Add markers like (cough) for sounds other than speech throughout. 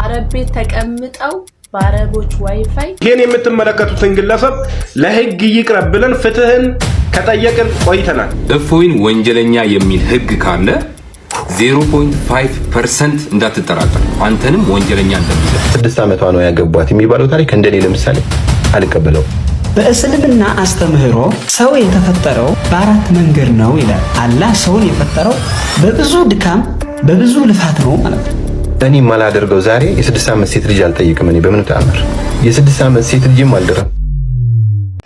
አረብ ቤት ተቀምጠው በአረቦች ዋይፋይ ይህን የምትመለከቱትን ግለሰብ ለህግ ይቅረብ ብለን ፍትህን ከጠየቅን ቆይተናል። እፎይን ወንጀለኛ የሚል ህግ ካለ 0.5 ፐርሰንት እንዳትጠራጠር አንተንም ወንጀለኛ እንደሚለ ስድስት ዓመቷ ነው ያገቧት የሚባለው ታሪክ እንደኔ ለምሳሌ አልቀበለው በእስልምና አስተምህሮ ሰው የተፈጠረው በአራት መንገድ ነው ይላል። አላህ ሰውን የፈጠረው በብዙ ድካም በብዙ ልፋት ነው ማለት ነው። እኔ ማላደርገው ዛሬ የስድስት ዓመት ሴት ልጅ አልጠይቅም። እኔ በምን ተአምር የስድስት ዓመት ሴት ልጅም አልደረም።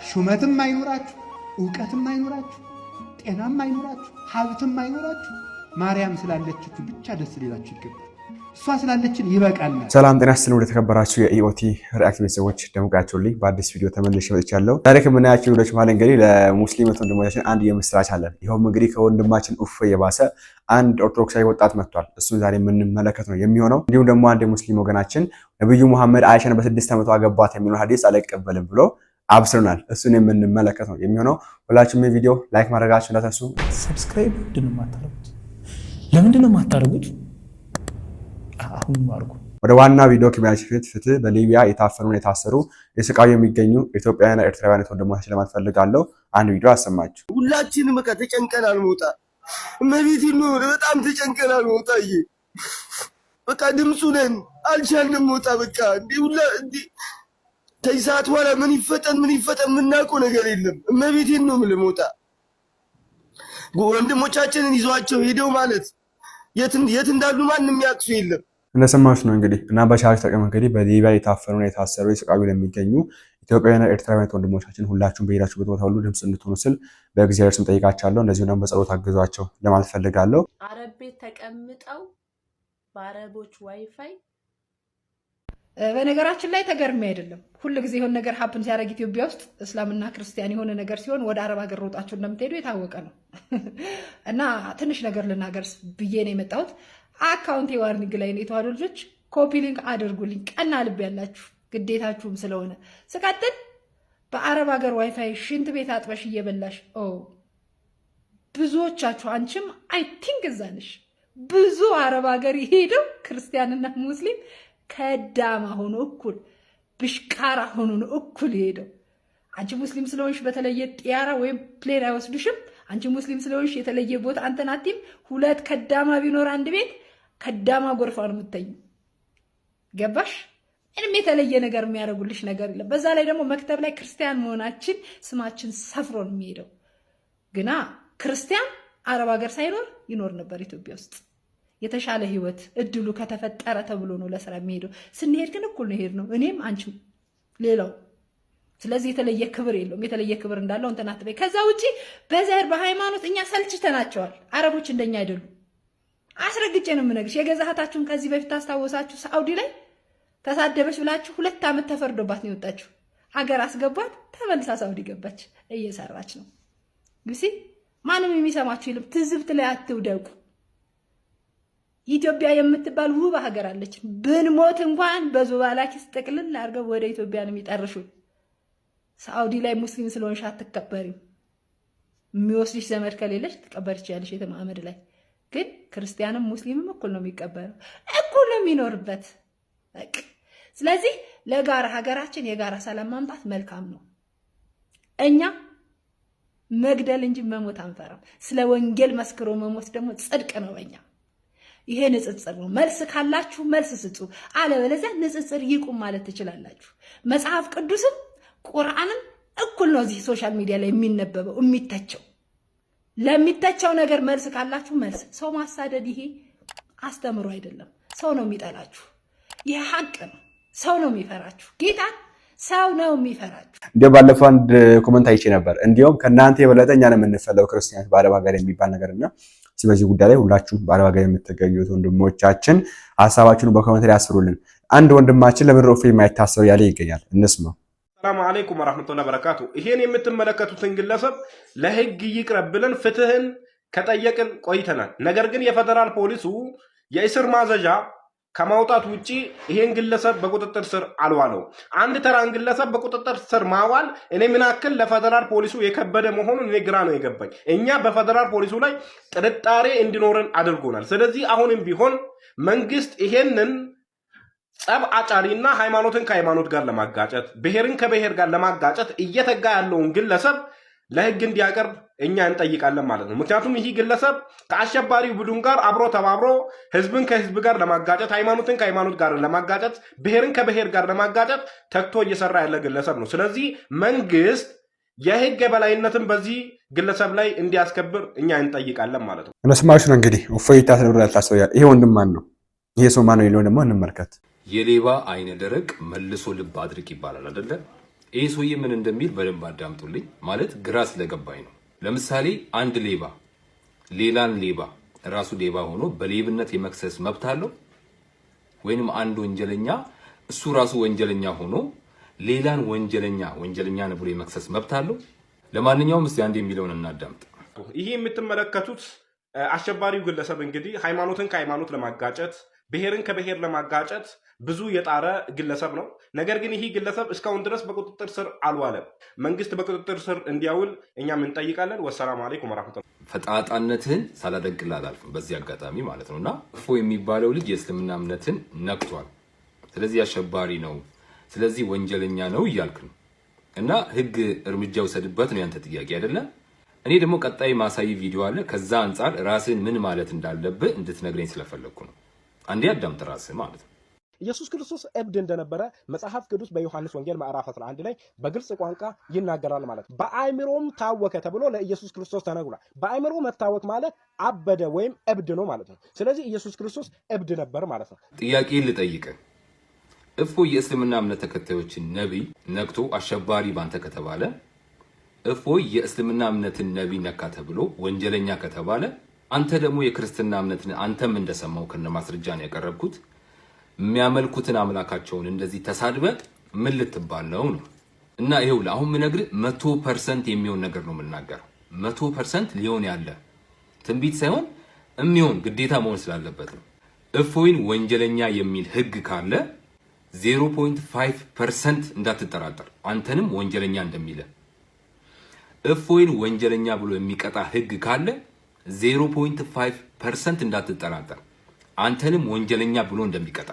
ሹመትም አይኖራችሁ፣ እውቀትም አይኖራችሁ፣ ጤናም አይኖራችሁ፣ ሀብትም አይኖራችሁ፣ ማርያም ስላለችችሁ ብቻ ደስ ሊላችሁ ይገባል። እሷ ስላለችን ይበቃል። ሰላም ጤና ስልን ወደ ተከበራችሁ የኢኦቲ ሪአክት ቤተሰቦች ደምቃችሁልኝ በአዲስ ቪዲዮ ተመልሼ መጥቻለሁ። ዛሬ ከምናያቸው ቪዲዮች መሀል እንግዲህ ለሙስሊም ወንድሞቻችን አንድ የምስራች አለን። ይኸውም እንግዲህ ከወንድማችን ኡፍ የባሰ አንድ ኦርቶዶክሳዊ ወጣት መጥቷል። እሱን ዛሬ የምንመለከት ነው የሚሆነው። እንዲሁም ደግሞ አንድ የሙስሊም ወገናችን ነብዩ መሐመድ አይሻን በስድስት ዓመቷ አገባት የሚለውን ሀዲስ አልቀበልም ብሎ አብስርናል። እሱን የምንመለከት ነው የሚሆነው። ሁላችሁም ቪዲዮ ላይክ ማድረጋችሁ እንዳትረሱ። ሰብስክራይብ ምንድን ነው የማታደርጉት? ለምንድን የማታደርጉት? አሁን አድርጉ። ወደ ዋና ቪዲዮ ኬሚያችን ፊት ፍትህ በሊቢያ የታፈኑ የታሰሩ የስቃዩ የሚገኙ ኢትዮጵያውያንና ኤርትራውያን ወንድሞቻችን ለማለት ፈልጋለሁ። አንድ ቪዲዮ አሰማችሁ። ሁላችን በቃ ተጨንቀናል። መውጣ እመቤት ነው በጣም ተጨንቀናል። መውጣ ይ በቃ ድምፁ ነን አልቻልንም። መውጣ በቃ እንዲ ሁላ እንዲ ከዚህ ሰዓት በኋላ ምን ይፈጠን ምን ይፈጠን የምናውቀው ነገር የለም። እመቤቴን ነው የምልህ መውጣ ወንድሞቻችንን ይዟቸው ሄደው ማለት የት እንዳሉ ማንም ያቅሱ የለም። እንደሰማችሁ ነው እንግዲህ እና በቻርጅ ተቀም እንግዲህ በሊቢያ የታፈኑ የታሰሩ የሰቃዩ ለሚገኙ ኢትዮጵያውያንና ኤርትራውያን ወንድሞቻችን ሁላችሁም በሄዳችሁበት ቦታ ሁሉ ድምፅ እንድትሆኑ ስል በእግዚአብሔር ስም ጠይቃችኋለሁ። እንደዚሁ ደግሞ በጸሎት አግዟቸው ለማለት ፈልጋለሁ። አረብ ቤት ተቀምጠው በአረቦች ዋይፋይ በነገራችን ላይ ተገርሜ አይደለም። ሁል ጊዜ የሆነ ነገር ሀፕን ሲያደርግ ኢትዮጵያ ውስጥ እስላምና ክርስቲያን የሆነ ነገር ሲሆን ወደ አረብ ሀገር ሮጣችሁ እንደምትሄዱ የታወቀ ነው (laughs) እና ትንሽ ነገር ልናገር ብዬ ነው የመጣሁት። አካውንቴ ዋርኒንግ ላይ ነው። ልጆች ኮፒ ሊንክ አድርጉልኝ፣ ቀና ልብ ያላችሁ ግዴታችሁም ስለሆነ። ስቀጥል በአረብ ሀገር ዋይፋይ ሽንት ቤት አጥበሽ እየበላሽ ብዙዎቻችሁ፣ አንቺም አይ ቲንክ ብዙ አረብ ሀገር የሄደው ክርስቲያንና ሙስሊም ከዳማ ሆኖ እኩል ብሽቃራ ሆኖ ነው እኩል የሄደው። አንቺ ሙስሊም ስለሆንሽ በተለየ ጥያራ ወይም ፕሌን አይወስዱሽም። አንቺ ሙስሊም ስለሆንሽ የተለየ ቦታ አንተን አትይም። ሁለት ከዳማ ቢኖር አንድ ቤት ከዳማ ጎርፋ ነው የምተኝ። ገባሽ? ምንም የተለየ ነገር የሚያደርጉልሽ ነገር የለም። በዛ ላይ ደግሞ መክተብ ላይ ክርስቲያን መሆናችን ስማችን ሰፍሮ ነው የሚሄደው። ግና ክርስቲያን አረብ ሀገር ሳይኖር ይኖር ነበር ኢትዮጵያ ውስጥ የተሻለ ህይወት እድሉ ከተፈጠረ ተብሎ ነው ለስራ የሚሄደው። ስንሄድ ግን እኩል ነው ሄድ እኔም አንቺ፣ ሌላው። ስለዚህ የተለየ ክብር የለውም። የተለየ ክብር እንዳለው እንትን አትበይ። ከዛ ውጪ በዘር በሃይማኖት እኛ ሰልችተናቸዋል። አረቦች እንደኛ አይደሉም። አስረግጬ ነው የምነግርሽ። የገዛሃታችሁን ከዚህ በፊት ታስታወሳችሁ? ሳውዲ ላይ ተሳደበች ብላችሁ ሁለት ዓመት ተፈርዶባት ነው የወጣችሁ። ሀገር አስገቧት፣ ተመልሳ ሳውዲ ገባች። እየሰራች ነው። ግሲ ማንም የሚሰማችሁ የለም። ትዝብት ላይ አትውደቁ። ኢትዮጵያ የምትባል ውብ ሀገር አለች። ብንሞት እንኳን በዙባላኪስ ጥቅልል አድርገው ወደ ኢትዮጵያ ነው የሚጠርሹ። ሳውዲ ላይ ሙስሊም ስለሆንሽ አትከበሪም። የሚወስድሽ ዘመድ ከሌለሽ ትቀበር ትችላለሽ የተማመድ ላይ ግን ክርስቲያንም ሙስሊምም እኩል ነው የሚቀበለው፣ እኩል ነው የሚኖርበት። ስለዚህ ለጋራ ሀገራችን የጋራ ሰላም ማምጣት መልካም ነው። እኛ መግደል እንጂ መሞት አንፈራም። ስለ ወንጌል መስክሮ መሞት ደግሞ ጽድቅ ነው። በኛ ይሄ ንጽጽር ነው። መልስ ካላችሁ መልስ ስጡ፣ አለበለዚያ ንጽጽር ይቁም ማለት ትችላላችሁ። መጽሐፍ ቅዱስም ቁርአንም እኩል ነው እዚህ ሶሻል ሚዲያ ላይ የሚነበበው የሚተቸው ለሚተቸው ነገር መልስ ካላችሁ መልስ። ሰው ማሳደድ ይሄ አስተምሮ አይደለም። ሰው ነው የሚጠላችሁ፣ ይህ ሀቅ ነው። ሰው ነው የሚፈራችሁ፣ ጌታ ሰው ነው የሚፈራችሁ። እንዲሁም ባለፈው አንድ ኮመንት አይቼ ነበር፣ እንዲሁም ከእናንተ የበለጠ እኛ ነው የምንፈለው ክርስቲያኖች በአረብ ሀገር የሚባል ነገር እና በዚህ ጉዳይ ላይ ሁላችሁም በአረብ ሀገር የምትገኙት ወንድሞቻችን ሀሳባችሁን በኮመንት ላይ አንድ ወንድማችን ለምድሮ ፍሬ የማይታሰብ ያለ ይገኛል። እንስማው ሰላም አለይኩም ወራህመቱላ በረካቱ። ይሄን የምትመለከቱትን ግለሰብ ለህግ ይቅረብ ብለን ፍትህን ከጠየቅን ቆይተናል። ነገር ግን የፌዴራል ፖሊሱ የእስር ማዘዣ ከማውጣት ውጪ ይሄን ግለሰብ በቁጥጥር ስር አልዋለው። አንድ ተራን ግለሰብ በቁጥጥር ስር ማዋል እኔ ምን ያክል ለፌደራል ፖሊሱ የከበደ መሆኑን እኔ ግራ ነው የገባኝ። እኛ በፌደራል ፖሊሱ ላይ ጥርጣሬ እንዲኖረን አድርጎናል። ስለዚህ አሁንም ቢሆን መንግስት ይሄንን ጸብ አጫሪና ሃይማኖትን ከሃይማኖት ጋር ለማጋጨት ብሔርን ከብሔር ጋር ለማጋጨት እየተጋ ያለውን ግለሰብ ለህግ እንዲያቀርብ እኛ እንጠይቃለን ማለት ነው። ምክንያቱም ይህ ግለሰብ ከአሸባሪው ቡድን ጋር አብሮ ተባብሮ ህዝብን ከህዝብ ጋር ለማጋጨት፣ ሃይማኖትን ከሃይማኖት ጋር ለማጋጨት፣ ብሔርን ከብሔር ጋር ለማጋጨት ተግቶ እየሰራ ያለ ግለሰብ ነው። ስለዚህ መንግስት የህግ የበላይነትን በዚህ ግለሰብ ላይ እንዲያስከብር እኛ እንጠይቃለን ማለት ነው። እነስማሽ ነው እንግዲህ እፎይታ ተብሎ ያልታሰው ይሄ ወንድም ማን ነው? ይሄ ሰው ማን ነው? ደግሞ እንመልከት። የሌባ አይነ ደረቅ መልሶ ልብ አድርቅ ይባላል አደለ? ይህ ሰውዬ ምን እንደሚል በደንብ አዳምጡልኝ። ማለት ግራ ስለገባኝ ነው። ለምሳሌ አንድ ሌባ ሌላን ሌባ ራሱ ሌባ ሆኖ በሌብነት የመክሰስ መብት አለው ወይንም አንድ ወንጀለኛ እሱ ራሱ ወንጀለኛ ሆኖ ሌላን ወንጀለኛ ወንጀለኛ ነው ብሎ የመክሰስ መብት አለው? ለማንኛውም እስቲ አንድ የሚለውን እናዳምጥ። ይህ የምትመለከቱት አሸባሪው ግለሰብ እንግዲህ ሃይማኖትን ከሃይማኖት ለማጋጨት ብሔርን ከብሔር ለማጋጨት ብዙ የጣረ ግለሰብ ነው። ነገር ግን ይህ ግለሰብ እስካሁን ድረስ በቁጥጥር ስር አልዋለም። መንግስት በቁጥጥር ስር እንዲያውል እኛም እንጠይቃለን። ወሰላም አለይኩም ወራህመቱ ፈጣጣነትህን ሳላደንቅልህ አላልፍም፣ በዚህ አጋጣሚ ማለት ነው እና እፎ የሚባለው ልጅ የእስልምና እምነትን ነክቷል። ስለዚህ አሸባሪ ነው፣ ስለዚህ ወንጀለኛ ነው እያልክ ነው እና ህግ እርምጃ ውሰድበት ነው ያንተ ጥያቄ አይደለም። እኔ ደግሞ ቀጣይ ማሳይ ቪዲዮ አለ። ከዛ አንጻር ራስህን ምን ማለት እንዳለብህ እንድትነግረኝ ስለፈለግኩ ነው። አንዴ አዳምጥ ራስህ ማለት ነው። ኢየሱስ ክርስቶስ እብድ እንደነበረ መጽሐፍ ቅዱስ በዮሐንስ ወንጌል ምዕራፍ 11 ላይ በግልጽ ቋንቋ ይናገራል ማለት ነው። በአእምሮም ታወከ ተብሎ ለኢየሱስ ክርስቶስ ተነግሯል። በአእምሮ መታወክ ማለት አበደ ወይም እብድ ነው ማለት ነው። ስለዚህ ኢየሱስ ክርስቶስ እብድ ነበር ማለት ነው። ጥያቄ ልጠይቅ። እፎ የእስልምና እምነት ተከታዮችን ነቢይ ነክቶ አሸባሪ ባንተ ከተባለ እፎ የእስልምና እምነትን ነቢይ ነካ ተብሎ ወንጀለኛ ከተባለ አንተ ደግሞ የክርስትና እምነትን አንተም እንደሰማው ከነ ማስረጃ ነው ያቀረብኩት። የሚያመልኩትን አምላካቸውን እንደዚህ ተሳድበ ምን ልትባል ነው ነው? እና ይሄው አሁን ምነግርህ መቶ ፐርሰንት የሚሆን ነገር ነው የምናገረው። መቶ ፐርሰንት ሊሆን ያለ ትንቢት ሳይሆን የሚሆን ግዴታ መሆን ስላለበት ነው። እፎይን ወንጀለኛ የሚል ህግ ካለ 0.5 ፐርሰንት እንዳትጠራጠር አንተንም ወንጀለኛ እንደሚለ እፎይን ወንጀለኛ ብሎ የሚቀጣ ህግ ካለ 0.5 ፐርሰንት እንዳትጠራጠር አንተንም ወንጀለኛ ብሎ እንደሚቀጣ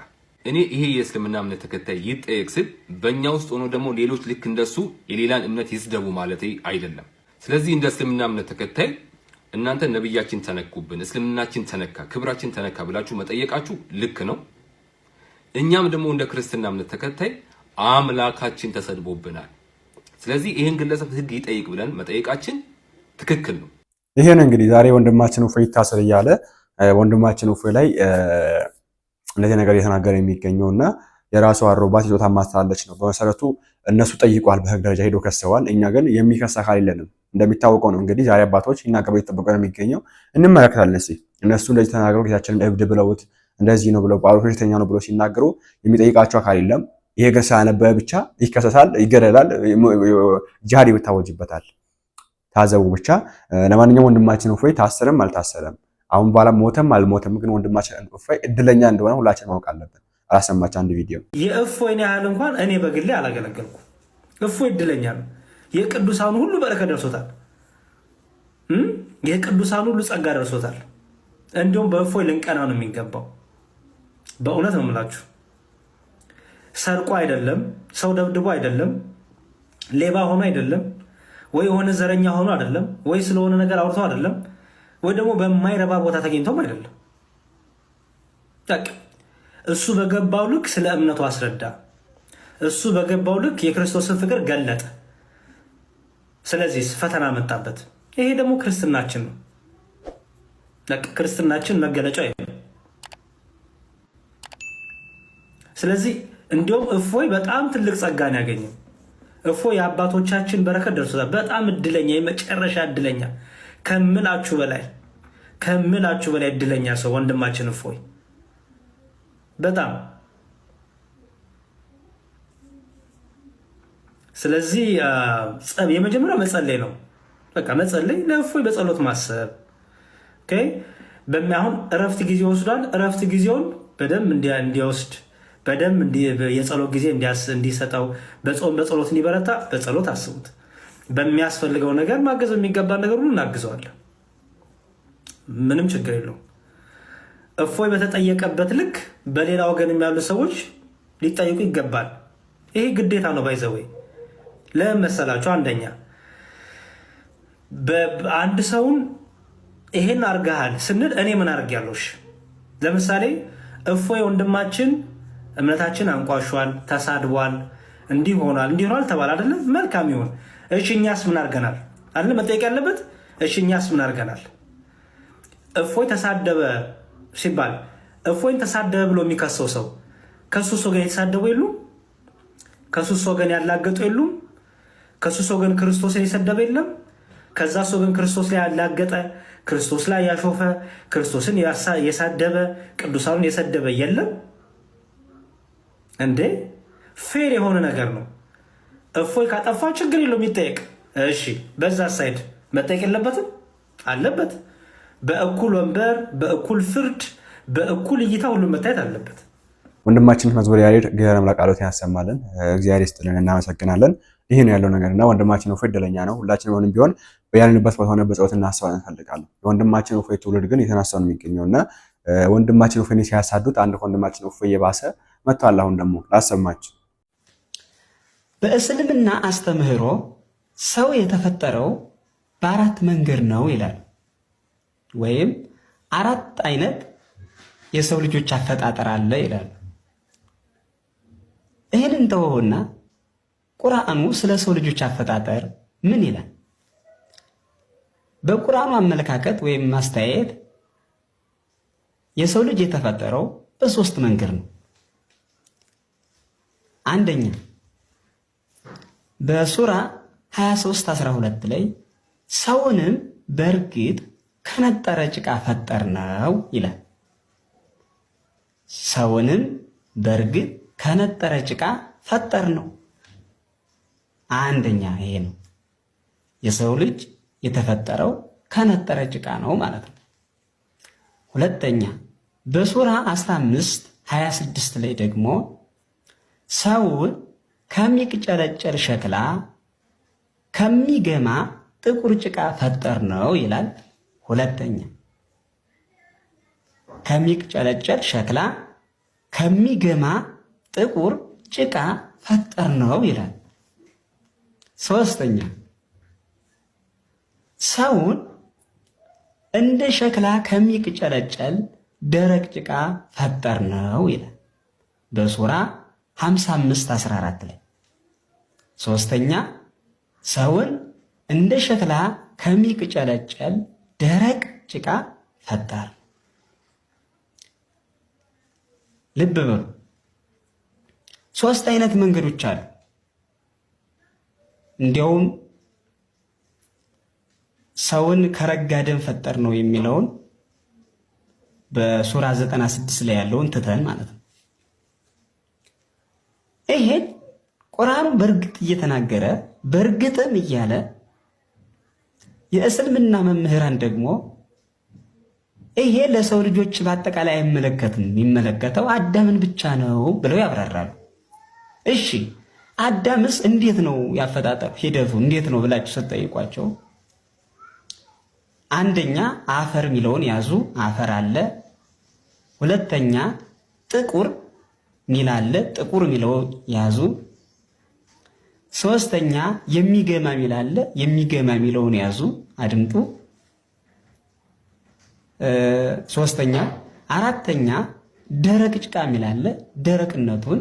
እኔ ይሄ የእስልምና እምነት ተከታይ ይጠየቅ ስል በእኛ ውስጥ ሆኖ ደግሞ ሌሎች ልክ እንደሱ የሌላን እምነት ይስደቡ ማለት አይደለም። ስለዚህ እንደ እስልምና እምነት ተከታይ እናንተ ነብያችን ተነኩብን፣ እስልምናችን ተነካ፣ ክብራችን ተነካ ብላችሁ መጠየቃችሁ ልክ ነው። እኛም ደግሞ እንደ ክርስትና እምነት ተከታይ አምላካችን ተሰድቦብናል፣ ስለዚህ ይህን ግለሰብ ሕግ ይጠይቅ ብለን መጠየቃችን ትክክል ነው። ይሄ እንግዲህ ዛሬ ወንድማችን እፎይ ይታሰር እያለ ወንድማችን እፎይ ላይ እንደዚህ ነገር እየተናገረ የሚገኘው እና የራሱ አሮባት ይዞታ ማስተላለች ነው። በመሰረቱ እነሱ ጠይቋል፣ በህግ ደረጃ ሄዶ ከሰዋል። እኛ ግን የሚከስ አካል የለንም። እንደሚታወቀው ነው እንግዲህ ዛሬ አባቶች ይናገሩ እየተጠበቀ ነው የሚገኘው። እንመለከታለን። እስኪ እነሱ እንደዚህ ተናገሩ፣ ጌታችንን እብድ ብለውት እንደዚህ ነው ብለው ጳውሎስ የተኛ ነው ብሎ ሲናገሩ የሚጠይቃቸው አካል የለም። ይሄ ግን ስላነበበ ብቻ ይከሰሳል፣ ይገደላል፣ ጂሃድ ይታወጅበታል። ታዘቡ ብቻ። ለማንኛውም ወንድማችን እፎይ ታሰረም አልታሰረም አሁን በኋላ ሞተም አልሞተም፣ ግን ወንድማችን እፎይ እድለኛ እንደሆነ ሁላችን ማወቅ አለብን። አላሰማች አንድ ቪዲዮ የእፎይን ያህል እንኳን እኔ በግሌ አላገለገልኩ። እፎይ እድለኛ ነው። የቅዱሳኑ ሁሉ በረከት ደርሶታል። የቅዱሳኑ ሁሉ ጸጋ ደርሶታል። እንዲሁም በእፎይ ልንቀና ነው የሚገባው። በእውነት ነው የምላችሁ። ሰርቆ አይደለም፣ ሰው ደብድቦ አይደለም፣ ሌባ ሆኖ አይደለም ወይ የሆነ ዘረኛ ሆኖ አይደለም፣ ወይ ስለሆነ ነገር አውርቶ አይደለም፣ ወይ ደግሞ በማይረባ ቦታ ተገኝቶም አይደለም። ጠቅ እሱ በገባው ልክ ስለ እምነቱ አስረዳ። እሱ በገባው ልክ የክርስቶስን ፍቅር ገለጠ። ስለዚህ ፈተና መጣበት። ይሄ ደግሞ ክርስትናችን ነው። ክርስትናችን መገለጫ ስለዚህ እንዲሁም እፎይ በጣም ትልቅ ጸጋን ያገኘው እፎ የአባቶቻችን በረከት ደርሶታል። በጣም እድለኛ የመጨረሻ እድለኛ ከምላችሁ በላይ ከምላችሁ በላይ እድለኛ ሰው ወንድማችን እፎይ በጣም ስለዚህ ጸብ የመጀመሪያ መጸለይ ነው። በቃ መጸለይ ለእፎይ በጸሎት ማሰብ በሚያሁን እረፍት ጊዜ ወስዷል። እረፍት ጊዜውን በደንብ እንዲወስድ በደንብ የጸሎት ጊዜ እንዲሰጠው በጾም በጸሎት እንዲበረታ በጸሎት አስቡት። በሚያስፈልገው ነገር ማገዝ የሚገባ ነገር ሁሉ እናግዘዋለን። ምንም ችግር የለውም። እፎይ በተጠየቀበት ልክ በሌላ ወገንም ያሉ ሰዎች ሊጠይቁ ይገባል። ይሄ ግዴታ ነው። ባይዘወይ ለመሰላችሁ አንደኛ አንድ ሰውን ይሄን አርገሃል ስንል እኔ ምን አርግ ያለሽ ለምሳሌ እፎይ ወንድማችን እምነታችን አንቋሿል፣ ተሳድቧል፣ እንዲህ ሆኗል፣ እንዲህ ሆኗል ተባለ መልካም ይሁን እሺ። እኛስ ምን አድርገናል? አለ መጠየቅ ያለበት እሺ፣ እኛስ ምን አድርገናል? እፎይ ተሳደበ ሲባል እፎይን ተሳደበ ብሎ የሚከሰው ሰው ከሱስ ወገን የተሳደቡ የሉም? ከሱስ ወገን ያላገጡ የሉም? ከሱስ ወገን ክርስቶስን የሰደበ የለም? ከዛ ሰው ክርስቶስ ላይ ያላገጠ ክርስቶስ ላይ ያሾፈ ክርስቶስን የሳደበ ቅዱሳኑን የሰደበ የለም? እንዴ ፌር የሆነ ነገር ነው። እፎይ ካጠፋው ችግር የለውም ይጠየቅ። እሺ በዛ ሳይድ መጠየቅ የለበትም አለበት። በእኩል ወንበር፣ በእኩል ፍርድ፣ በእኩል እይታ ሁሉም መታየት አለበት። ወንድማችን መዝሙር ያሬድ ገረ ምላቅ ቃሎትን ያሰማልን። እግዚአብሔር ይስጥልን፣ እናመሰግናለን። ይህ ነው ያለው ነገር እና ወንድማችን እፎይ እድለኛ ነው። ሁላችን ሆንም ቢሆን በያልንበት በሆነ በጸሎት እናስባለን እንፈልጋለን። የወንድማችን እፎይ ትውልድ ግን የተነሳው ነው የሚገኘው እና ወንድማችን እፎይን ሲያሳዱት አንድ ወንድማችን እፎይ የባሰ መጥቷል። አሁን ደግሞ ላሰማችን። በእስልምና አስተምህሮ ሰው የተፈጠረው በአራት መንገድ ነው ይላል። ወይም አራት አይነት የሰው ልጆች አፈጣጠር አለ ይላል። ይህን እንተወውና ቁርአኑ ስለ ሰው ልጆች አፈጣጠር ምን ይላል? በቁርአኑ አመለካከት ወይም ማስተያየት የሰው ልጅ የተፈጠረው በሶስት መንገድ ነው። አንደኛ በሱራ 23 12 ላይ ሰውንም በእርግጥ ከነጠረ ጭቃ ፈጠርነው ይላል። ሰውንም በእርግጥ ከነጠረ ጭቃ ፈጠርነው። አንደኛ ይሄ ነው። የሰው ልጅ የተፈጠረው ከነጠረ ጭቃ ነው ማለት ነው። ሁለተኛ በሱራ 15 26 ላይ ደግሞ ሰው ከሚቅጨረጨር ሸክላ ከሚገማ ጥቁር ጭቃ ፈጠር ነው ይላል። ሁለተኛ ከሚቅጨረጨር ሸክላ ከሚገማ ጥቁር ጭቃ ፈጠር ነው ይላል። ሶስተኛ ሰውን እንደ ሸክላ ከሚቅጨለጨል ደረቅ ጭቃ ፈጠር ነው ይላል በሱራ 55 14 ላይ ሶስተኛ ሰውን እንደ ሸክላ ከሚቅጨለጨል ደረቅ ጭቃ ፈጠር ልብ በሉ ሶስት አይነት መንገዶች አሉ። እንዲያውም ሰውን ከረጋ ደም ፈጠር ነው የሚለውን በሱራ 96 ላይ ያለውን ትተን ማለት ነው ይሄን ቁርአኑ በእርግጥ እየተናገረ በእርግጥም እያለ የእስልምና መምህራን ደግሞ ይሄ ለሰው ልጆች በአጠቃላይ አይመለከትም፣ የሚመለከተው አዳምን ብቻ ነው ብለው ያብራራሉ። እሺ አዳምስ እንዴት ነው ያፈጣጠር ሂደቱ እንዴት ነው ብላችሁ ስትጠይቋቸው አንደኛ አፈር የሚለውን ያዙ፣ አፈር አለ። ሁለተኛ ጥቁር ሚል አለ። ጥቁር ሚለው ያዙ። ሶስተኛ የሚገማ ሚል አለ። የሚገማ ሚለውን ያዙ፣ አድምጡ። ሶስተኛ አራተኛ ደረቅ ጭቃ ሚል አለ። ደረቅነቱን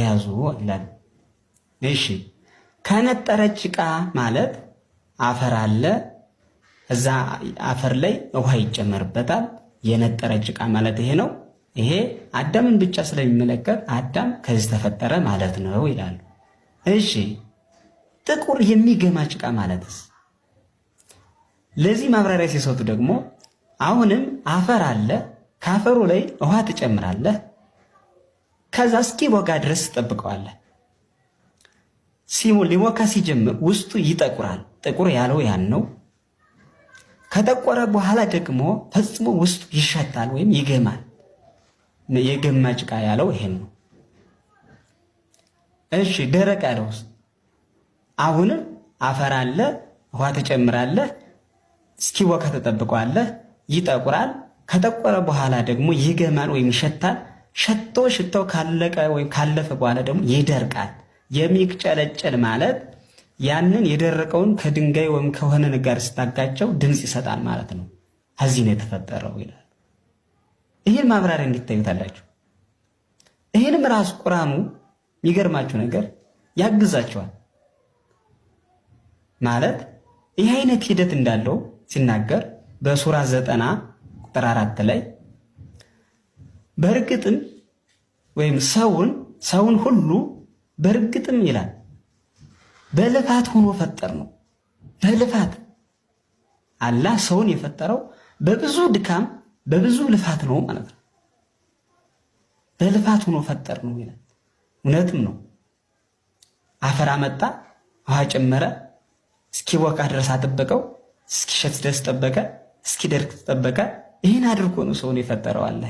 ያዙ አላል። እሺ ከነጠረ ጭቃ ማለት አፈር አለ። እዛ አፈር ላይ ውሃ ይጨመርበታል። የነጠረ ጭቃ ማለት ይሄ ነው። ይሄ አዳምን ብቻ ስለሚመለከት አዳም ከዚህ ተፈጠረ ማለት ነው ይላሉ። እሺ ጥቁር የሚገማ ጭቃ ማለትስ? ለዚህ ማብራሪያ ሲሰጡ ደግሞ አሁንም አፈር አለ። ከአፈሩ ላይ ውሃ ትጨምራለህ። ከዛ እስኪ ቦጋ ድረስ ትጠብቀዋለህ። ሊሞካ ሲጀምር ውስጡ ይጠቁራል። ጥቁር ያለው ያን ነው። ከጠቆረ በኋላ ደግሞ ፈጽሞ ውስጡ ይሸታል ወይም ይገማል። የገማ ጭቃ ያለው ይሄን ነው። እሺ ደረቅ ያለውስ? አሁንም አፈር አለ፣ ውሃ ትጨምራለህ፣ እስኪቦካ ትጠብቀዋለህ፣ ይጠቁራል። ከጠቆረ በኋላ ደግሞ ይገማል ወይም ይሸታል። ሸቶ ሽቶ ካለቀ ወይም ካለፈ በኋላ ደግሞ ይደርቃል። የሚቅጨለጨል ማለት ያንን የደረቀውን ከድንጋይ ወይም ከሆነ ነገር ስታጋጨው ድምፅ ይሰጣል ማለት ነው። እዚህ ነው የተፈጠረው ይላል። ይህን ማብራሪያ እንዲታዩታላችሁ። ይህንም ራሱ ቁራኑ የሚገርማችሁ ነገር ያግዛቸዋል ማለት ይህ አይነት ሂደት እንዳለው ሲናገር በሱራ ዘጠና ቁጥር አራት ላይ በእርግጥም ወይም ሰውን ሰውን ሁሉ በእርግጥም ይላል በልፋት ሆኖ ፈጠር ነው። በልፋት አላህ ሰውን የፈጠረው በብዙ ድካም በብዙ ልፋት ነው ማለት ነው። በልፋት ሆኖ ፈጠር ነው ይላል። እውነትም ነው። አፈር አመጣ፣ ውሃ ጨመረ፣ እስኪቦካ ድረስ አጠበቀው፣ እስኪሸት ድረስ ጠበቀ፣ እስኪደርቅ ጠበቀ። ይህን አድርጎ ነው ሰውን የፈጠረው አለ።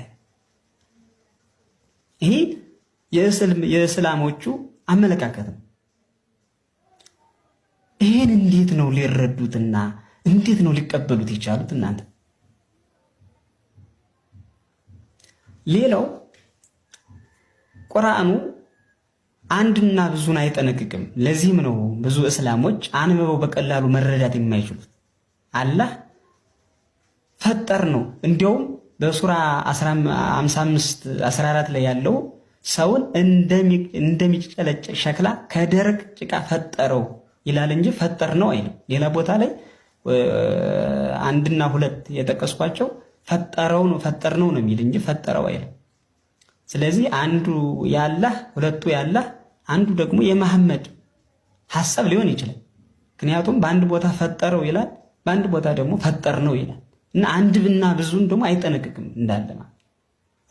ይህ የእስላሞቹ አመለካከት ነው። ይህን እንዴት ነው ሊረዱትና እንዴት ነው ሊቀበሉት የቻሉት እናንተ? ሌላው ቁርአኑ አንድና ብዙን አይጠነቅቅም። ለዚህም ነው ብዙ እስላሞች አንብበው በቀላሉ መረዳት የማይችሉት። አላህ ፈጠር ነው። እንዲያውም በሱራ 55 14 ላይ ያለው ሰውን እንደሚጨለጭ ሸክላ ከደረቅ ጭቃ ፈጠረው ይላል እንጂ ፈጠር ነው አይልም። ሌላ ቦታ ላይ አንድና ሁለት የጠቀስኳቸው ፈጠረው ነው ፈጠር ነው ነው የሚል እንጂ ፈጠረው አይልም። ስለዚህ አንዱ ያላህ ሁለቱ ያላህ አንዱ ደግሞ የመሐመድ ሐሳብ ሊሆን ይችላል። ምክንያቱም በአንድ ቦታ ፈጠረው ይላል፣ በአንድ ቦታ ደግሞ ፈጠር ነው ይላል እና ብና ብዙን ደግሞ አይጠነቅቅም እንዳለ ማለት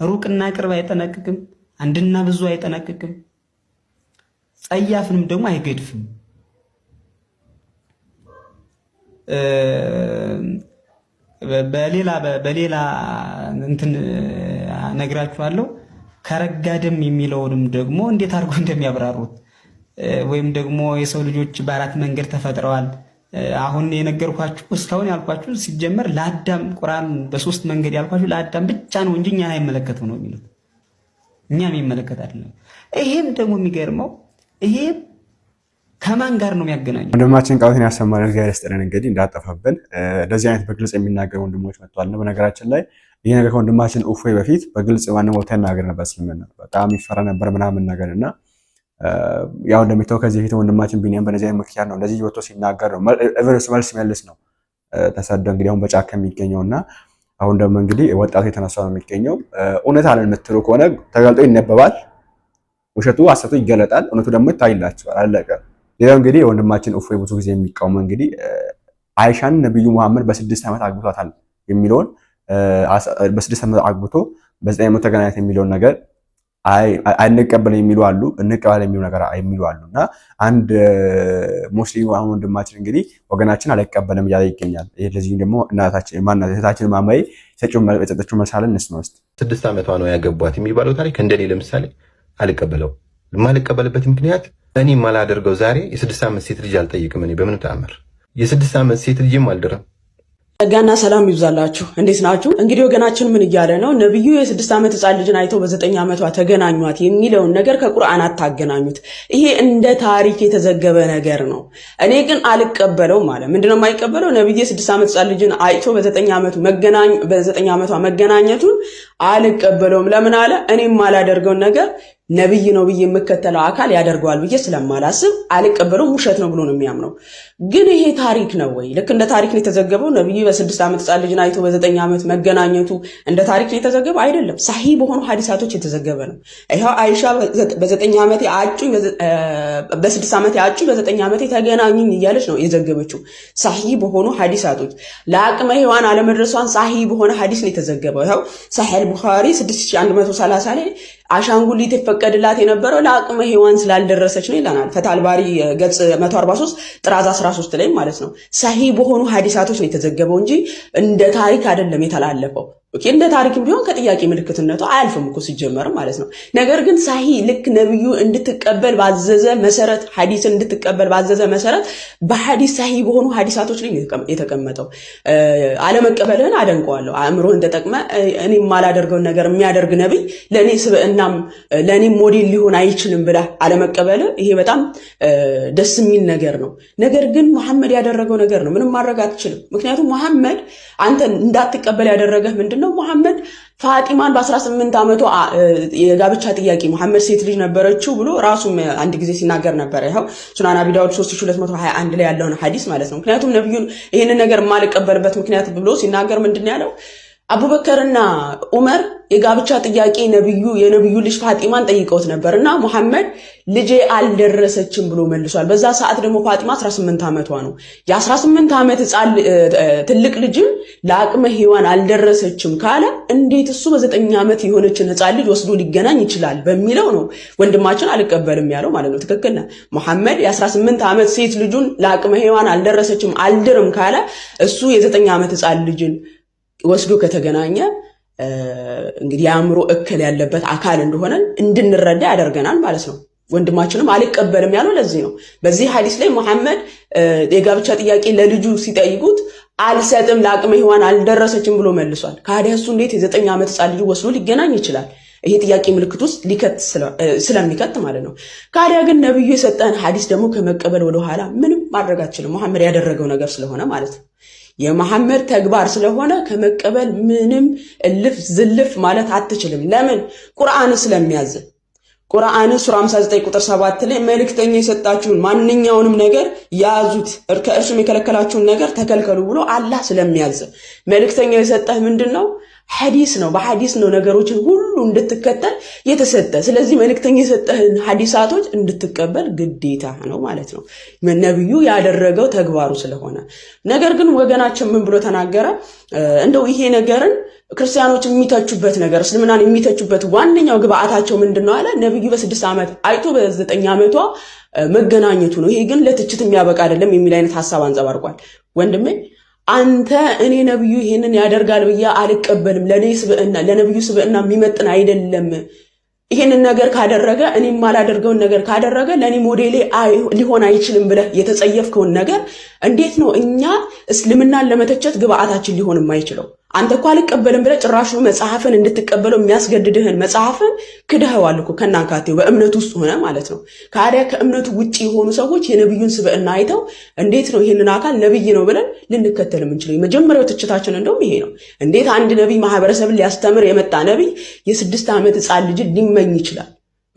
ሩቅና ቅርብ አይጠነቅቅም፣ አንድና ብዙ አይጠነቅቅም፣ ጸያፍንም ደግሞ አይገድፍም። በሌላ በሌላ እንትን ነግራችኋለሁ። ከረጋ ደም የሚለውንም ደግሞ እንዴት አድርጎ እንደሚያብራሩት ወይም ደግሞ የሰው ልጆች በአራት መንገድ ተፈጥረዋል። አሁን የነገርኳችሁ እስካሁን ያልኳችሁ ሲጀመር ለአዳም ቁርአን በሶስት መንገድ ያልኳችሁ ለአዳም ብቻ ነው እንጂ እኛ አይመለከተው ነው የሚሉት። እኛም ይመለከት አይደለም። ይሄም ደግሞ የሚገርመው ይሄም ከማን ጋር ነው የሚያገናኙ? ወንድማችን ቃሉን ያሰማልን እግዚአብሔር ይስጥልን። እንግዲህ እንዳጠፋብን ለዚህ አይነት በግልጽ የሚናገሩ ወንድሞች መጥተዋል። ነው በነገራችን ላይ ይህ ነገር ከወንድማችን እፎይ በፊት በግልጽ ዋናው ቦታ ይናገር ነበር። ስልምና በጣም ይፈራ ነበር ምናምን ነገር እና ያው እንደሚታወ ከዚህ በፊት ወንድማችን ቢኒያም በነዚህ አይነት ምክንያት ነው እንደዚህ ወጥቶ ሲናገር ነው ኤቨሬስ መልስ መልስ ነው ተሰደው እንግዲህ አሁን በጫካ የሚገኘው እና አሁን ደግሞ እንግዲህ ወጣቱ የተነሳው ነው የሚገኘው። እውነት አለን የምትሉ ከሆነ ተገልጦ ይነበባል፣ ውሸቱ አሰቱ ይገለጣል፣ እውነቱ ደግሞ ይታይላቸዋል። አለቀ። ሌላው እንግዲህ ወንድማችን እፎይ ብዙ ጊዜ የሚቃወመው እንግዲህ አይሻን ነቢዩ መሐመድ በስድስት ዓመት አግብቷታል የሚለውን በስድስት ዓመት አግብቶ በዘጠኝ ዓመት ተገናኘት የሚለውን ነገር አንቀበል የሚሉ አሉ፣ እንቀበል የሚሉ ነገር የሚሉ አሉ። እና አንድ ሙስሊም አሁን ወንድማችን እንግዲህ ወገናችን አልቀበልም እያለ ይገኛል። ለዚህም ደግሞ እናታችን ማማዬ የሰጠችው መልስ አለ። እነሱ ነው ስድስት ዓመቷ ነው ያገቧት የሚባለው ታሪክ እንደኔ ለምሳሌ አልቀበለው የማልቀበልበት ምክንያት እኔ የማላደርገው ዛሬ የስድስት ዓመት ሴት ልጅ አልጠይቅም። እኔ በምን ተአምር የስድስት ዓመት ሴት ልጅም አልድረም። ጸጋና ሰላም ይብዛላችሁ። እንዴት ናችሁ? እንግዲህ ወገናችን ምን እያለ ነው? ነቢዩ የስድስት ዓመት ህፃን ልጅን አይተው በዘጠኝ ዓመቷ ተገናኟት የሚለውን ነገር ከቁርአን አታገናኙት። ይሄ እንደ ታሪክ የተዘገበ ነገር ነው። እኔ ግን አልቀበለውም አለ። ምንድነው የማይቀበለው? ነቢዩ የስድስት ዓመት ህፃን ልጅን አይቶ በዘጠኝ ዓመቷ መገናኘቱን አልቀበለውም። ለምን አለ? እኔም አላደርገውን ነገር ነብይ ነው ብዬ የምከተለው አካል ያደርገዋል ብዬ ስለማላስብ አልቀበለውም። ውሸት ነው ብሎ ነው የሚያምነው። ግን ይሄ ታሪክ ነው ወይ? ልክ እንደ ታሪክ ነው የተዘገበው? ነብይ በስድስት ዓመት ህፃን ልጅን አይቶ በዘጠኝ ዓመት መገናኘቱ እንደ ታሪክ ነው የተዘገበው? አይደለም። ሳሂ በሆኑ ሀዲሳቶች የተዘገበ ነው። ይኸው አይሻ በዘጠኝ ዓመቴ አጩኝ፣ በስድስት ዓመት አጩኝ፣ በዘጠኝ ዓመት ተገናኙኝ እያለች ነው የዘገበችው። ሳሂ በሆኑ ሀዲሳቶች ለአቅመ ሔዋን አለመድረሷን ሳሂ በሆነ ሀዲስ ነው የተዘገበው። ይኸው ሳሂህ ቡኻሪ 6130 ላይ አሻንጉሊት ይፈቀድላት የነበረው ለአቅመ ሔዋን ስላልደረሰች ነው ይለናል። ፈታልባሪ ገጽ 143 ጥራዝ 13 ላይ ማለት ነው። ሰሂ በሆኑ ሀዲሳቶች ነው የተዘገበው እንጂ እንደ ታሪክ አይደለም የተላለፈው። ኦኬ እንደ ታሪክም ቢሆን ከጥያቄ ምልክትነቱ አያልፍም እኮ ሲጀመርም ማለት ነው። ነገር ግን ሳሂ ልክ ነብዩ እንድትቀበል ባዘዘ መሰረት ሐዲስን እንድትቀበል ባዘዘ መሰረት በሐዲስ ሳሂ በሆኑ ሐዲሳቶች ላይ የተቀመጠው አለመቀበልህን አደንቀዋለሁ። አእምሮህን ተጠቅመ እኔ የማላደርገውን ነገር የሚያደርግ ነብይ ለእኔ ስብዕናም ለእኔም ሞዴል ሊሆን አይችልም ብላ አለመቀበል ይሄ በጣም ደስ የሚል ነገር ነው። ነገር ግን መሐመድ ያደረገው ነገር ነው። ምንም ማድረግ አትችልም። ምክንያቱም መሐመድ አንተ እንዳትቀበል ያደረገህ ምንድን ነው መሐመድ ፋጢማን በ18 ዓመቷ የጋብቻ ጥያቄ መሐመድ ሴት ልጅ ነበረችው ብሎ ራሱም አንድ ጊዜ ሲናገር ነበረ። ይኸው ሱናን አቢ ዳውድ 3221 ላይ ያለውን ሀዲስ ማለት ነው። ምክንያቱም ነቢዩን ይህንን ነገር የማልቀበልበት ምክንያት ብሎ ሲናገር ምንድን ያለው አቡበከርና ዑመር የጋብቻ ጥያቄ ነብዩ የነብዩ ልጅ ፋጢማን ጠይቀውት ነበር እና ሙሐመድ ልጄ አልደረሰችም ብሎ መልሷል። በዛ ሰዓት ደግሞ ፋጢማ 18 ዓመቷ ነው። የ18 ዓመት ትልቅ ልጅም ለአቅመ ሔዋን አልደረሰችም ካለ እንዴት እሱ በዘጠኝ ዓመት የሆነችን ህፃን ልጅ ወስዶ ሊገናኝ ይችላል በሚለው ነው ወንድማችን አልቀበልም ያለው ማለት ነው። ትክክል ነህ ሙሐመድ። የ18 ዓመት ሴት ልጁን ለአቅመ ሔዋን አልደረሰችም አልድርም ካለ እሱ የዘጠኝ ዓመት ህፃን ልጅን ወስዶ ከተገናኘ እንግዲህ የአእምሮ እክል ያለበት አካል እንደሆነ እንድንረዳ ያደርገናል ማለት ነው። ወንድማችንም አልቀበልም ያለው ለዚህ ነው። በዚህ ሀዲስ ላይ መሐመድ የጋብቻ ጥያቄ ለልጁ ሲጠይቁት አልሰጥም ለአቅመ ሔዋን አልደረሰችም ብሎ መልሷል። ከሃዲያ እሱ እንዴት የዘጠኝ ዓመት ሕፃን ልጅ ወስዶ ሊገናኝ ይችላል? ይሄ ጥያቄ ምልክት ውስጥ ስለሚከት ማለት ነው። ካዲያ ግን ነብዩ የሰጠን ሀዲስ ደግሞ ከመቀበል ወደኋላ ምንም ማድረግ አችልም፣ መሐመድ ያደረገው ነገር ስለሆነ ማለት ነው። የመሐመድ ተግባር ስለሆነ ከመቀበል ምንም እልፍ ዝልፍ ማለት አትችልም። ለምን? ቁርአን ስለሚያዝ። ቁርአን ሱራ 59 ቁጥር 7 ላይ መልእክተኛ የሰጣችሁን ማንኛውንም ነገር ያዙት፣ ከእርሱም የከለከላችሁን ነገር ተከልከሉ ብሎ አላህ ስለሚያዝ መልእክተኛ የሰጠህ ምንድን ነው? ሐዲስ ነው። በሐዲስ ነው ነገሮችን ሁሉ እንድትከተል የተሰጠ። ስለዚህ መልእክተኛ የሰጠህን ሐዲሳቶች እንድትቀበል ግዴታ ነው ማለት ነው፣ ነቢዩ ያደረገው ተግባሩ ስለሆነ። ነገር ግን ወገናችን ምን ብሎ ተናገረ? እንደው ይሄ ነገርን ክርስቲያኖች የሚተቹበት ነገር እስልምናን የሚተቹበት ዋነኛው ግብአታቸው ምንድን ነው አለ። ነቢዩ በስድስት ዓመት አይቶ በዘጠኝ ዓመቷ መገናኘቱ ነው። ይሄ ግን ለትችት የሚያበቃ አይደለም የሚል አይነት ሀሳብ አንጸባርቋል። ወንድሜ አንተ እኔ ነብዩ ይሄንን ያደርጋል ብዬ አልቀበልም። ለኔ ስብዕና ለነብዩ ስብዕና የሚመጥን አይደለም። ይሄንን ነገር ካደረገ እኔም ማላደርገውን ነገር ካደረገ ለኔ ሞዴሌ ሊሆን አይችልም ብለህ የተጸየፍከውን ነገር እንዴት ነው እኛ እስልምናን ለመተቸት ግብአታችን ሊሆን የማይችለው? አንተ እኮ አልቀበልም ብለህ ጭራሹ መጽሐፍን እንድትቀበለው የሚያስገድድህን መጽሐፍን ክደኸዋል እኮ ከናንካቴው በእምነቱ ውስጥ ሆነ ማለት ነው። ካዲያ ከእምነቱ ውጭ የሆኑ ሰዎች የነብዩን ስብዕና አይተው እንዴት ነው ይህንን አካል ነብይ ነው ብለን ልንከተል የምንችለው? የመጀመሪያው ትችታችን እንደውም ይሄ ነው። እንዴት አንድ ነቢይ ማህበረሰብን ሊያስተምር የመጣ ነቢይ የስድስት ዓመት ህፃን ልጅን ሊመኝ ይችላል?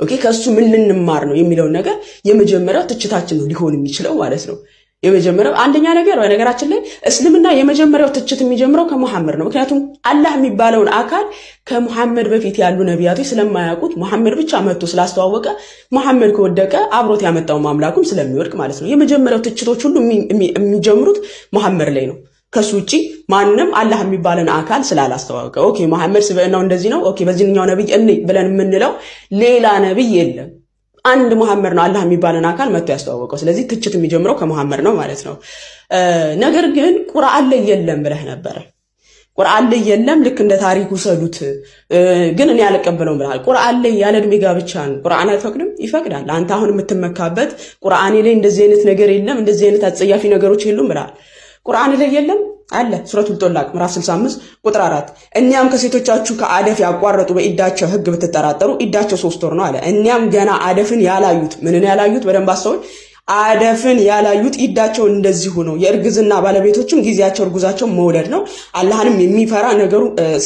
ኦኬ ከእሱ ምን ልንማር ነው የሚለውን ነገር የመጀመሪያው ትችታችን ነው ሊሆን የሚችለው ማለት ነው። የመጀመሪያው አንደኛ ነገር በነገራችን ላይ እስልምና የመጀመሪያው ትችት የሚጀምረው ከሙሐመድ ነው። ምክንያቱም አላህ የሚባለውን አካል ከሙሐመድ በፊት ያሉ ነቢያቶች ስለማያውቁት ሙሐመድ ብቻ መጥቶ ስላስተዋወቀ ሙሐመድ ከወደቀ አብሮት ያመጣው ማምላኩም ስለሚወድቅ ማለት ነው። የመጀመሪያው ትችቶች ሁሉ የሚጀምሩት ሙሐመድ ላይ ነው። ከሱ ውጭ ማንም አላህ የሚባለን አካል ስላላስተዋወቀ ኦኬ፣ ሙሐመድ ስብዕናው እንደዚህ ነው ኦኬ፣ በዚህኛው ነቢይ እኔ ብለን የምንለው ሌላ ነቢይ የለም። አንድ መሐመድ ነው አላህ የሚባልን አካል መጥቶ ያስተዋወቀው። ስለዚህ ትችት የሚጀምረው ከመሐመድ ነው ማለት ነው። ነገር ግን ቁርአን ላይ የለም ብለህ ነበረ። ቁርአን ላይ የለም፣ ልክ እንደ ታሪክ ውሰዱት፣ ግን እኔ አልቀበለውም ብለሃል። ቁርአን ላይ ያለ እድሜ ጋብቻን ቁርአን አይፈቅድም? ይፈቅዳል። አንተ አሁን የምትመካበት ቁርአኔ ላይ እንደዚህ አይነት ነገር የለም፣ እንደዚህ አይነት አጸያፊ ነገሮች የሉም ብለሃል። ቁርአን ላይ የለም አለ ሱረቱል ጦላቅ ምዕራፍ 65 ቁጥር 4 እኒያም ከሴቶቻችሁ ከአደፍ ያቋረጡ በኢዳቸው ህግ ብትጠራጠሩ ኢዳቸው ሶስት ወር ነው አለ። እኒያም ገና አደፍን ያላዩት ምንን ያላዩት በደንብ አስተውል። አደፍን ያላዩት ኢዳቸው እንደዚሁ ነው። የእርግዝና ባለቤቶችም ጊዜያቸው እርጉዛቸው መውለድ ነው። አላህንም የሚፈራ ነገሩ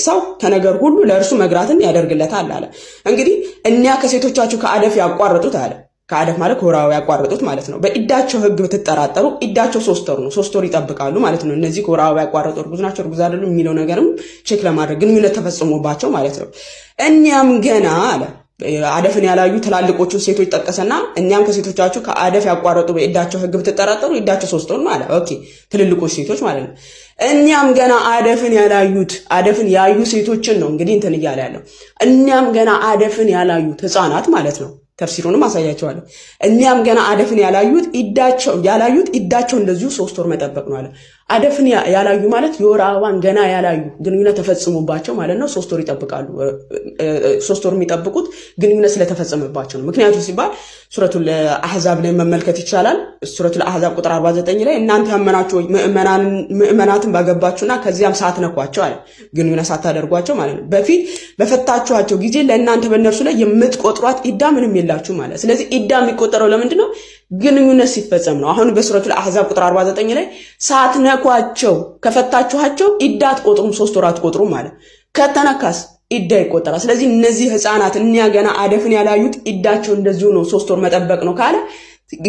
ሰው ከነገር ሁሉ ለእርሱ መግራትን ያደርግለታል አለ። እንግዲህ እኒያ ከሴቶቻችሁ ከአደፍ ያቋረጡት አለ ከአደፍ ማለት ከወራዊ ያቋረጡት ማለት ነው። በኢዳቸው ህግ ብትጠራጠሩ ኢዳቸው ሶስት ወር ነው። ሶስት ወር ይጠብቃሉ ማለት ነው። እነዚህ ከወራዊ ያቋረጡ እርጉዝ ናቸው እርጉዝ አይደሉ የሚለው ነገርም ቼክ ለማድረግ ግንኙነት ተፈጽሞባቸው ማለት ነው። እኒያም ገና አለ አደፍን ያላዩ ትላልቆቹን ሴቶች ጠቀሰና እኛም ከሴቶቻችሁ ከአደፍ ያቋረጡ በኢዳቸው ህግ ብትጠራጠሩ ኢዳቸው ሶስት ወር ማለት ኦኬ፣ ትልልቆች ሴቶች ማለት ነው። እኛም ገና አደፍን ያላዩት አደፍን ያዩ ሴቶችን ነው እንግዲህ እንትን እያለ ያለው እኛም ገና አደፍን ያላዩት ህጻናት ማለት ነው ተፍሲሩንም አሳያቸዋለሁ። እኒያም ገና አደፍን ያላዩት ኢዳቸው ያላዩት ኢዳቸው እንደዚሁ ሶስት ወር መጠበቅ ነው አለ። አደፍን ያላዩ ማለት የወር አበባን ገና ያላዩ ግንኙነት ተፈጽሞባቸው ማለት ነው። ሶስት ወር ይጠብቃሉ። ሶስት ወር የሚጠብቁት ግንኙነት ስለተፈጸመባቸው ነው። ምክንያቱ ሲባል ሱረቱል አህዛብ ላይ መመልከት ይቻላል። ሱረቱል አሕዛብ ቁጥር 49 ላይ እናንተ ያመናችሁ ምዕመናትን ባገባችሁና ከዚያም ነኳቸው አለ ግንኙነት ሳታደርጓቸው ማለት ነው በፊት በፈታችኋቸው ጊዜ ለእናንተ በእነርሱ ላይ የምትቆጥሯት ኢዳ ምንም የላችሁ ማለት ስለዚህ ኢዳ የሚቆጠረው ለምንድን ነው ግንኙነት ሲፈጸም ነው። አሁን በሱረቱል አሕዛብ ቁጥር 49 ላይ ሳትነኳቸው ከፈታችኋቸው ኢዳ አትቆጥሩም፣ ሶስት ወር አትቆጥሩም ማለት ከተነካስ ኢዳ ይቆጠራል። ስለዚህ እነዚህ ህፃናት እኒያ ገና አደፍን ያላዩት ኢዳቸው እንደዚሁ ነው፣ ሶስት ወር መጠበቅ ነው ካለ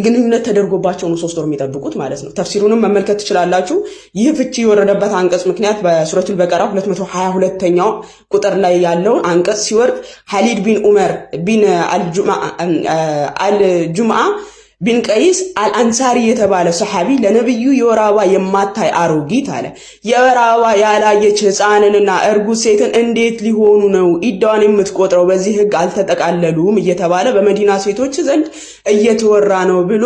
ግንኙነት ተደርጎባቸው ነው ሶስት ወር የሚጠብቁት ማለት ነው። ተፍሲሩንም መመልከት ትችላላችሁ። ይህ ፍቺ የወረደበት አንቀጽ ምክንያት በሱረቱል በቀራ 222ኛው ቁጥር ላይ ያለውን አንቀጽ ሲወርድ ሀሊድ ቢን ዑመር ቢን አልጁምዓ ቢን ቀይስ አልአንሳሪ የተባለ ሰሐቢ ለነቢዩ የወር አበባ የማታይ አሮጊት አለ። የወር አበባ ያላየች ህፃንንና እርጉዝ ሴትን እንዴት ሊሆኑ ነው ኢዳዋን የምትቆጥረው? በዚህ ህግ አልተጠቃለሉም እየተባለ በመዲና ሴቶች ዘንድ እየተወራ ነው ብሎ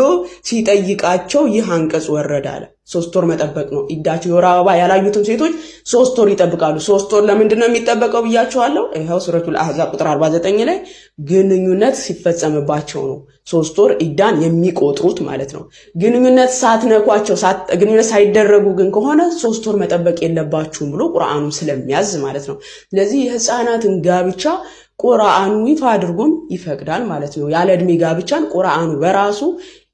ሲጠይቃቸው ይህ አንቀጽ ወረዳለ። ሶስት ወር መጠበቅ ነው ይዳቸው የወር አበባ ያላዩትም ሴቶች ሶስት ወር ይጠብቃሉ። ሶስት ወር ለምንድን ነው የሚጠበቀው ብያቸዋለሁ። ይኸው ሱረቱል አሕዛብ ቁጥር 49 ላይ ግንኙነት ሲፈጸምባቸው ነው ሶስት ወር ኢዳን የሚቆጥሩት ማለት ነው። ግንኙነት ሳትነኳቸው ግንኙነት ሳይደረጉ ግን ከሆነ ሶስት ወር መጠበቅ የለባችሁም ብሎ ቁርአኑ ስለሚያዝ ማለት ነው። ስለዚህ የህፃናትን ጋብቻ ቁርአኑ ይፋ አድርጎም ይፈቅዳል ማለት ነው። ያለ እድሜ ጋብቻን ቁርአኑ በራሱ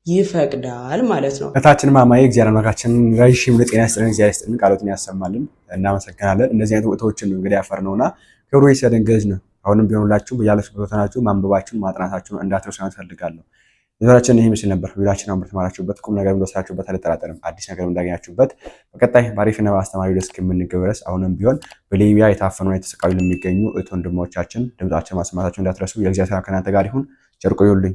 ይፈቅዳል ማለት ነው። እታችን ማማዬ እግዚአብሔር አምላካችን ረዥም ለጤና ይስጥልን፣ እግዚአብሔር ይስጥልን፣ ቃሎትን ያሰማልን። እናመሰግናለን። እነዚህ አይነት ወቅቶችን ነው እንግዲህ ያፈር ነውና ክብሩ ይሰደን ገዥ ነው። አሁንም ቢሆንላችሁ በያላችሁበት ቦታናችሁ ማንበባችሁን ማጥናታችሁን እንዳትረሱ እፈልጋለሁ። ዛሬችን ይህ ምስል ነበር። ቪዲዮችን አምር ተማራችሁበት፣ ቁም ነገር እንደወሰዳችሁበት አልጠራጠርም። አዲስ ነገር እንዳገኛችሁበት በቀጣይ ባሪፍና በአስተማሪ ደስ እስከምንገናኝ ድረስ አሁንም ቢሆን በሊቢያ የታፈኑና የተሰቃዩ ለሚገኙ እህት ወንድሞቻችን ድምጻቸው ማሰማታችሁ እንዳትረሱ። የእግዚአብሔር ከእናንተ ጋር ይሁን። ጨርቆ ይሁልኝ።